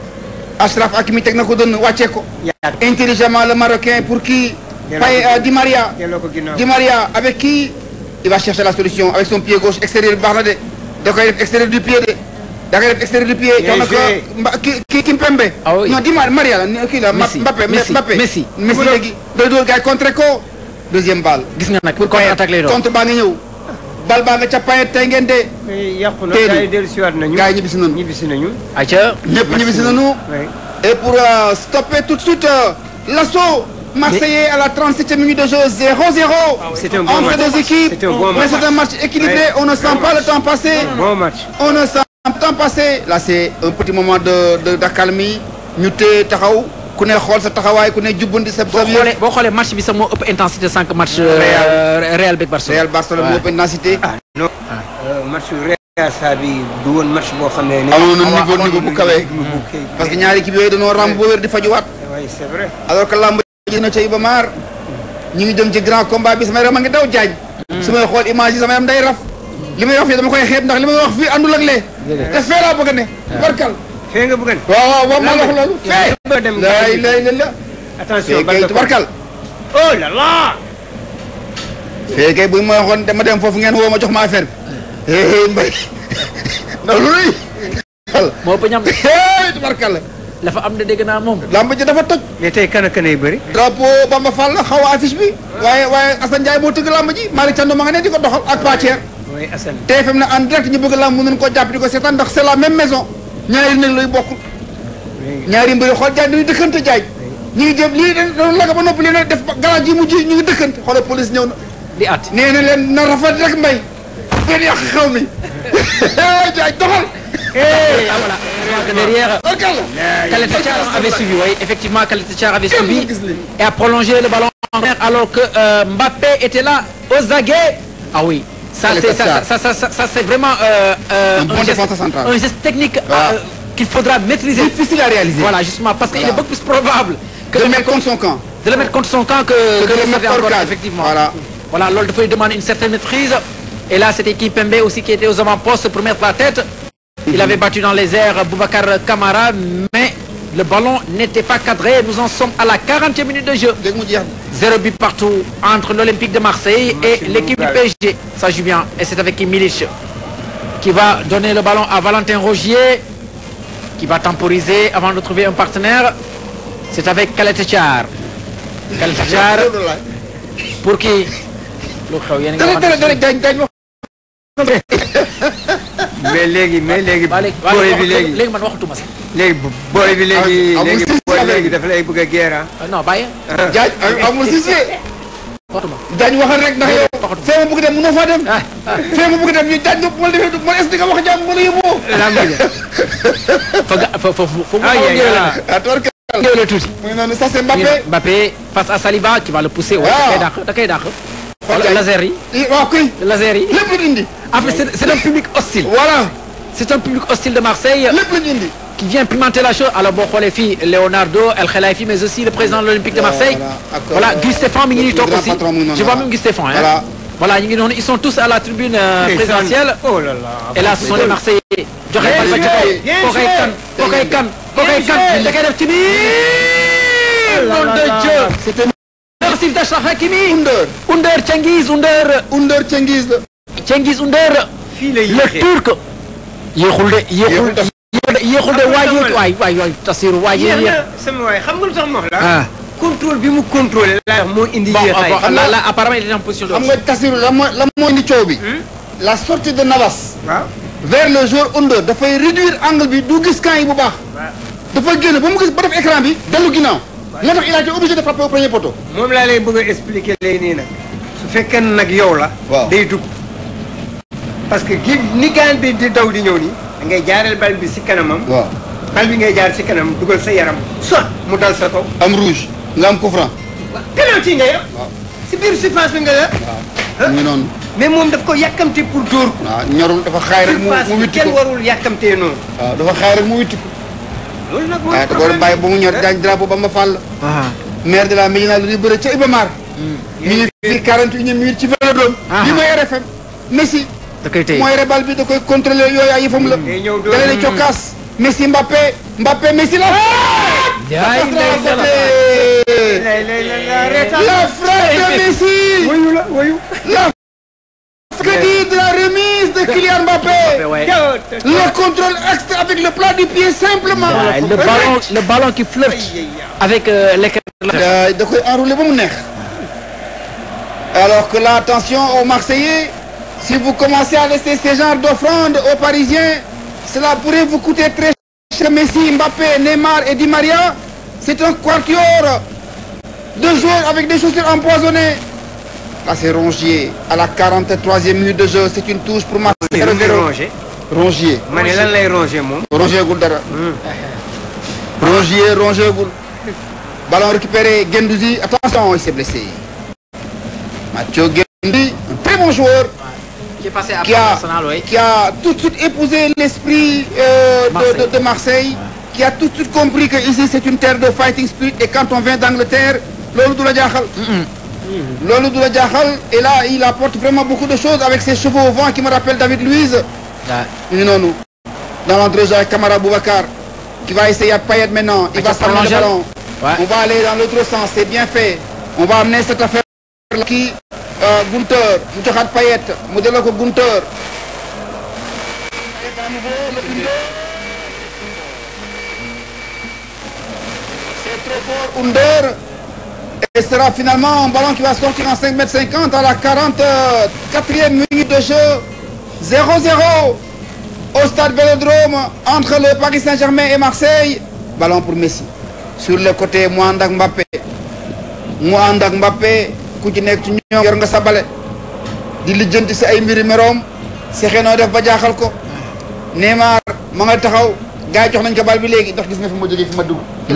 Ashraf Hakimi tek na ko dënn ko. intelligemment le Marocain pour qui. paye euh, Di Maria. Di Maria avec qui. il va chercher la solution avec son pied gauche extérieur bi de. extérieur du pied de. da extérieur du pied. jox na ko mba ki ah non Di Maria la kii la Mbappé Mbappé. Messi Messi léegi. gars contre ko. deuxième balle. gis nga pour contre attaque les contre ba bal baa Tengende. ca payet tey ngeen de. Eh, yàqu na gars nañu gars nañu acca et pour euh, stopper tout de suite euh, l'assaut Marseillais à la 37e minute de jeu 0-0. Ah c'était un bon entre match. deux équipes. C'était un bon mais c'est un match équilibré. On ne sent pas le temps passer. Bon match. On ne sent pas le temps passer. Là, c'est un petit moment de d'accalmie. ñu té taxaw. ku ne xool sa taxawaay ku ne jubbandi sa. sa biir boo xoolee match bi sax moo ëpp intensité sànq match. Real beeg Barcelone Real Barcelone moo ëpp intensité. non match Real saa bi du woon match boo xam ne. amoon na niveau niveau bu kawee parce que ñaari kii yooyu dañoo ramb boo wér di fajuwaat. oui c'est vrai. alors que lamb ji na ca Iba Mar ñu ngi jëm ci grand combat bi sama yaram a ngi daw jaaj. su may xool image yi sama yaram day raf. li may wax fii dama koy xeeb ndax li may wax fii àndul ak lee. te fee laa bëgg a ne barkal fee nga bëgg waaw waaw ma wax loolu fee La dem la ilaha illallah attention ba oh la la fee kay bu ma waxoon dama dem foofu ngeen woo jox ma affaire bi hé mbay na lu rëy pa ñam hé tabarkal dafa am da dégg naa moom lamb ji dafa kan kanay xaw affiche bi waaye waaye Assane Ndiaye moo tëgg lamb ji Malick Thiandoum ma nga ne di doxal ak Pathier TFM na en direct ñu bëgg lamb mu ko ndax c'est la même maison effectivement et a prolongé le ballon alors que euh, Mbappé était là aux ah oui ça, c'est vraiment euh, euh, un, geste, technique euh, qu'il faudra maîtriser. Difficile à réaliser. Voilà, justement, parce qu'il est beaucoup plus probable que de, le mettre contre son camp. De le mettre contre son camp que, de le mettre effectivement. Voilà, voilà demande une certaine maîtrise. Et là, cette équipe MB aussi qui était aux avant-postes pour mettre la tête. Il mhm. avait battu dans les airs Boubacar Kamara, mais le ballon n'était pas cadré. Nous en sommes à la 40e minute de jeu. Zéro but partout entre l'Olympique de Marseille et l'équipe du PSG. Ça joue bien. Et c'est avec Milit qui va donner le ballon à Valentin Rogier qui va temporiser avant de trouver un partenaire. C'est avec Khaled Tachar, pour qui mais léegi mais léegi. booy bi léegi léegi man waxatuma léegi booy bi léegi. léegi dafa lay bëgg a guerre non bàyyi. jaaj amul si waxatuma daañu waxal rek ndax yow. waxatuma fee ma bëgg dem mënoo faa dem. fee ma bëgg dem ñu jaaj ñëpp wala defee man est-ce que nga wax jàmm wala yëboo. fa fa fa mu tuuti. muy noonu ça c'est Mbappé. face à Saliba qui va le pousser. waaw da koy da koy dàq. laser après c'est un public hostile. voilà c'est un public hostile de Marseille. qui vient pimenter la chose alors pour les filles. Leonardo El Khelaifi mais aussi le président de l'Olympique de Marseille. voilà ak Guy aussi je vois même Guy hein. voilà ils sont tous à la tribune euh, présidentielle. oh là là et là ce sont les Marseillais. Asif d'Achraf Hakimi. Under. Under Cengiz, Under. Under Cengiz Cengiz Under. fii la le turc. yéexul de yéexul de yéexul de waay yéex waay waay waay Tasiru waay yéex yéex. sama waay xam nga la. ah contrôle bi mu contrôlé. laa moo indi yéexaay. bon là là apparemment il est en position de. xam nga Tasiru la mo la moo indi coow bi. la sortie de Navas. waaw vers le joueur Under dafay réduire angle bi du gis kan yi bu baax. waaw dafa génn bu mu gis ba def écran bi dellu ginnaaw. moo tax il a été obligé de frapper au premier poteau. moom laa lay bëgg expliquer léegi nii nag su fekkee nag yow la. waaw day dugg. parce que gi ni gaan bi di daw di ñëw nii. da ngay jaareel bal bi si kanamam. waaw bal bi ngay jaar si kanam dugal sa yaram. soit mu dal sa kaw. am rouge nga am coup franc. waaw penalty ngay am. waaw si biir surface nga la. waaw noonu. mais moom daf ko yàkkamte pour dóor ko. ñorul dafa xaay rek mu mu witti warul yàkkamtee noonu. waaw dafa xaay waaye ah, te boo bàyyi ba mu ñor gaañ drapeau ma fàll. Ah. maire de la Médina lu ñuy bëre ca Iba Mar. ci hmm. quarante une minute ci Vélodrome. Ah. li may RFM Messi. da koy téye mooy rebal bi da koy contrôlé yooyu ay yëfam la. Hmm. day ñëw doole da cokkaas. Messi Mbappé Mbappé Messi la. jaay la frappe de Messi. la que dit de la remise de Kylian Mbappé. Le contrôle extra avec le plat du pied simplement. le, ballon, qui flirte avec euh, l'écran. Euh, Alors que l'attention attention aux Marseillais, si vous commencez à laisser ce genre d'offrande aux Parisiens, cela pourrait vous coûter très cher. Messi, Mbappé, Neymar et Di Maria, c'est un quartier de joueurs avec des chaussures empoisonnées c'est Rongier à la 43e minute de jeu c'est une touche pour Marseille. Rongier. Rongier. Hmm. Rongier Rongier Rongier Rongier Goul. ballon récupéré Gendouzi, attention il s'est blessé. Mathieu Gendouzi, un très bon joueur. qui est passé à Arsenal qui a tout de suite épousé l'esprit euh, de, Marseille. qui a tout de suite compris que ici c'est une terre de fighting spirit et quand on vient d'Angleterre l'eau de la jaaxal. Lolo Doula la et là il apporte vraiment beaucoup de choses avec ses chevaux au vent qui me rappellent David Louise. Ouais. non dans l'endroit avec Kamara Boubacar. qui va essayer à Payet maintenant. il va s'amener le ballon. on va aller dans l'autre sens c'est bien fait. on va amener cette affaire qui euh, Gunter mu à Payet mu Gunter. c'est trop fort Under. Et ce sera finalement un ballon qui va sortir en 5m50 à la 44e minute de jeu. 0-0 au stade Vélodrome entre le Paris Saint-Germain et Marseille. Ballon pour Messi. Sur le côté, Mouandak Mbappé. Mouandak Mbappé, ku ci nekk Sabale, ñoom yor nga sa bale. di lijjanti si ay def ba ko. Neymar ma nga taxaw. gars yi jox nañ ko bal bi gis fi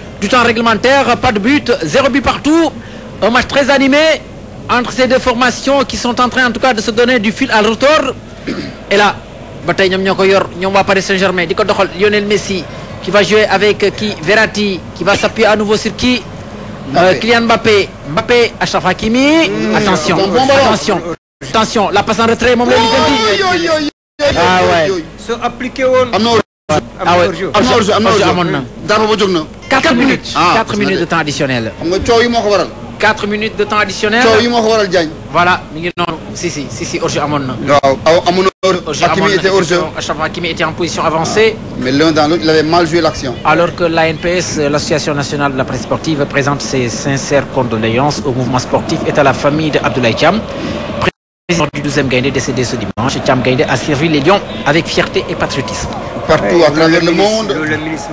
du temps réglementaire, pas de but, zéro but partout. Un match très animé entre ces deux formations qui sont en train en tout cas de se donner du fil à retour. Et là, bataille ñom ñoko Paris Saint-Germain Lionel Messi qui va jouer avec qui Verratti qui va s'appuyer à nouveau sur qui euh, Kylian Mbappé, Mbappé, Achraf mmh. attention, attention, attention, la passe en retrait, mon Ah ouais. Se appliquer 4 ah ah, ah, minutes 4 minutes de temps additionnel. 4 minutes de temps additionnel. voilà si si si si orge jeu na. était était en position avancée. mais l'un dans l'autre il avait mal joué l'action. alors que l'ANPS euh, l'association nationale de la presse sportive présente ses sincères condoléances au mouvement sportif et à la famille de Abdoulaye président du 12e Gaindé décédé ce dimanche, Cham Gaindé a servi les Lions avec fierté et patriotisme. Partout à travers le, monde. Le, ministre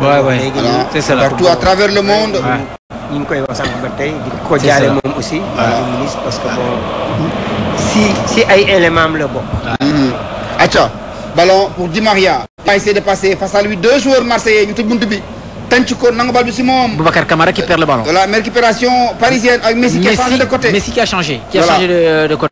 ouais, ouais. C'est ça. Partout à travers le monde. Il koy wax sànq ba di ko aussi ministre parce que bon si si ay est am bon. bokk mm-hmm. ballon pour Di Maria a essayé de passer face à lui deux joueurs marseillais ñu tëj bunt bi tànc ko bal bi Boubacar Camara qui perd le ballon La récupération parisienne avec Messi qui a changé de côté Messi qui a changé qui a changé de côté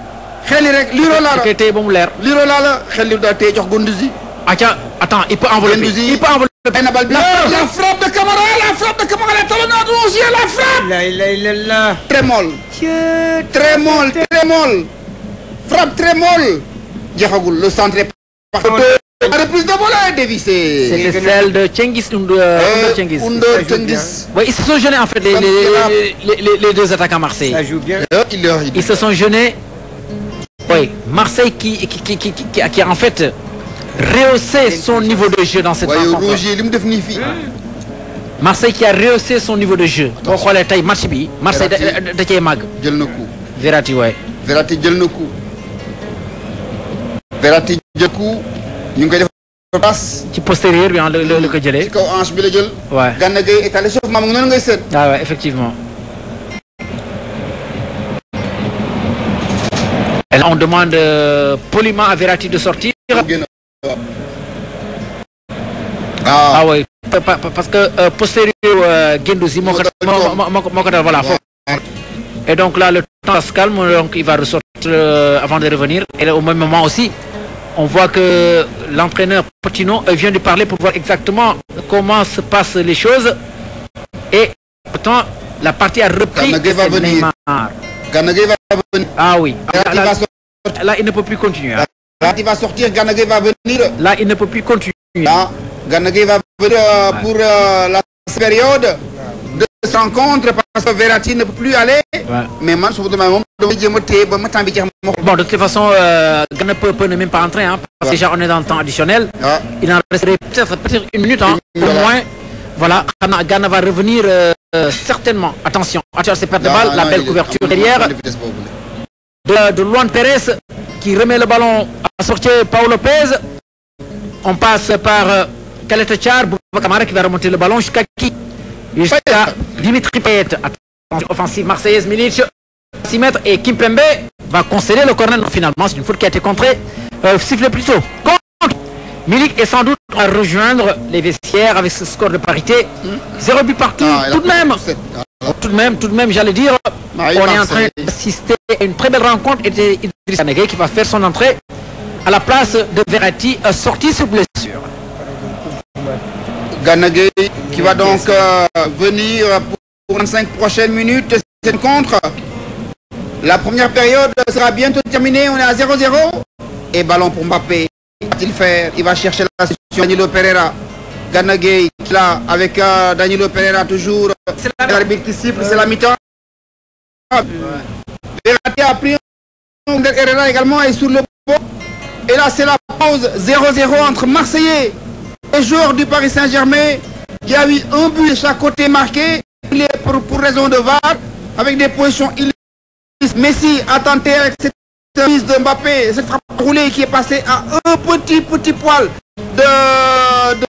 xel yi rek liiroo laa la koy téye ba mu leer. liiroo la xel li daa jox Gunduzi. acca attends il peut envelopper. il peut envelopper. benn bal bi la frappe de Camara la frappe de Camara la talonnade aussi la frappe. la ilaha illallah. très molle. très molle très molle. frappe très molle. jeexagul le centre est la reprise de volée dévissée. C'était celle de Chengis Ndour eh, Cengiz. Ndour Cengiz. Oui, ils se sont gênés en fait les les les, deux attaquants marseillais. Ça joue bien. Ils se sont gênés. Oui, Marseille qui, qui, qui, qui, qui a en fait rehaussé son niveau de jeu dans cette Marseille qui a rehaussé son niveau de jeu. match bi Marseille da mag. na coup Verratti Verratti jël coup. passe. Hein, la ko ci bi la chauffement ah effectivement. on demande euh, poliment à Verratti de sortir. Ah, ah oui, parce que euh, postérieur euh, voilà. Et donc là, le temps se calme, donc il va ressortir euh, avant de revenir. Et au même moment aussi, on voit que l'entraîneur Potino euh, vient de parler pour voir exactement comment se passent les choses. Et pourtant, la partie a repris. venir. Ah oui. Ah, Là, il ne peut plus continuer. Hein. Là, il va sortir, Ganagay va venir. Là, il ne peut plus continuer. Là, ah, va venir euh, pour euh, la période de rencontre parce que Verratti ne peut plus aller. Mais moi, je Bon, de toute façon, euh, peut, ne même pas entrer, hein, parce que ouais. déjà on est dans le temps additionnel. Il en resterait peut-être une minute, hein, au moins. Voilà, Ghana va revenir euh, euh, certainement. Attention, attention c'est perdu de balle, la belle couverture derrière. De, de Luan Pérez qui remet le ballon à sortir Paolo Lopez. On passe par euh, Boubou Char, qui va remonter le ballon jusqu'à qui Jusqu'à Dimitri Payet. Attention, offensive marseillaise, Milic, 6 mètres et Kimpembe va concéder le corner. Finalement, c'est une foule qui a été contrée. Euh, plus tôt. Milik est sans doute à rejoindre les vestiaires avec ce score de parité. Hmm. Zéro but partout, ah, tout de même. Ah. Tout de même, tout de même, j'allais dire, on est en train d'assister à une très belle rencontre. Et Idriss qui va faire son entrée à la place de Verratti, euh, sorti sous blessure. Ganagé qui va donc euh, venir pour 25 prochaines minutes cette rencontre. La première période sera bientôt terminée, on est à 0-0. Et ballon pour Mbappé faire il va chercher la solution. Danilo Pereira, Ganagay là, avec euh, Danilo Pereira toujours. C'est l'arbitre qui siffle, c'est la mi-temps. Verratti a pris un également est sur le pot. Et là, c'est la pause 0-0 entre Marseillais et joueurs du Paris Saint-Germain. Il y a eu un but de chaque côté marqué. Il est pour, pour raison de VAR, avec des positions illicites. Messi a tenté avec de Mbappé, cette frappe roulée qui est passée à un petit petit poil de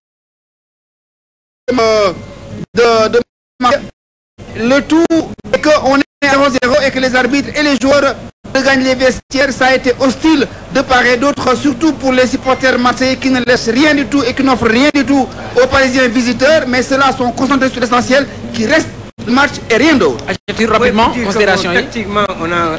de, de, le tout est qu'on est à 0-0 et que les arbitres et les joueurs gagnent les vestiaires. Ça a été hostile de part et d'autre, surtout pour les supporters marseillais qui ne laissent rien du tout et qui n'offrent rien du tout aux Parisiens visiteurs. Mais cela sont concentrés sur l'essentiel qui reste le match et rien d'autre. rapidement, considération. on a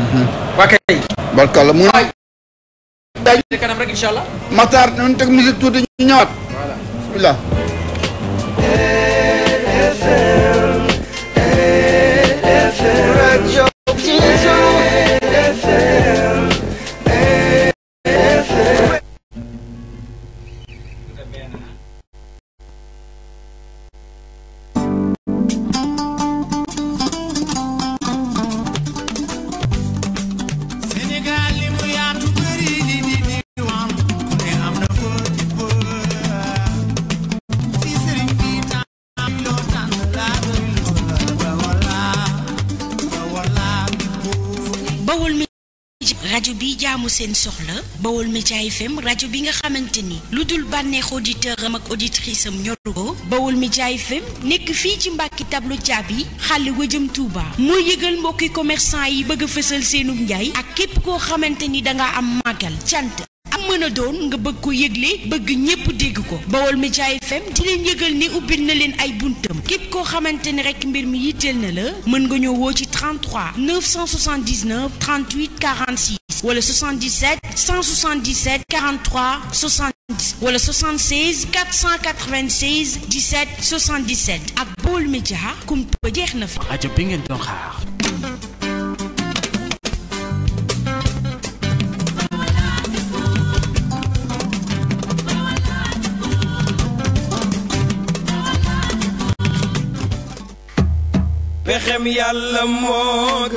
waa kay. barkalla mu ngi. dañu kanam rek incha allah. Matar nañu teg musique tuuti ñu ñëwaat. voilà seen soxla Baol Média FM rajo bi nga xamante ni lu dul bànneex auditeur am ak auditrice am ñoru ko Baol Média FM nekk fii ci Mbàkke tablu caabi xale wa jëm Touba mooy yëgal mbokki commerçant yi bëgg a fësal seenum njaay ak képp koo xamante ni danga am màggal cant mëna doon nga bëgg ko yëgle bëgg ñëpp dégg ko Bawol mi Média FM di leen yëgal ni ubbil na leen ay buntam képp koo xamanteni rek mbir mi yitteel na la mën nga ñëw woo ci 33 979 38 46 wala 77 177 43 60 wala 76 496 17 77 ak Baol Média kumpa jeex na fa. rajo bi ngeen doon xaar. pexem yàlla moo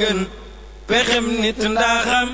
pexem nit ndaxam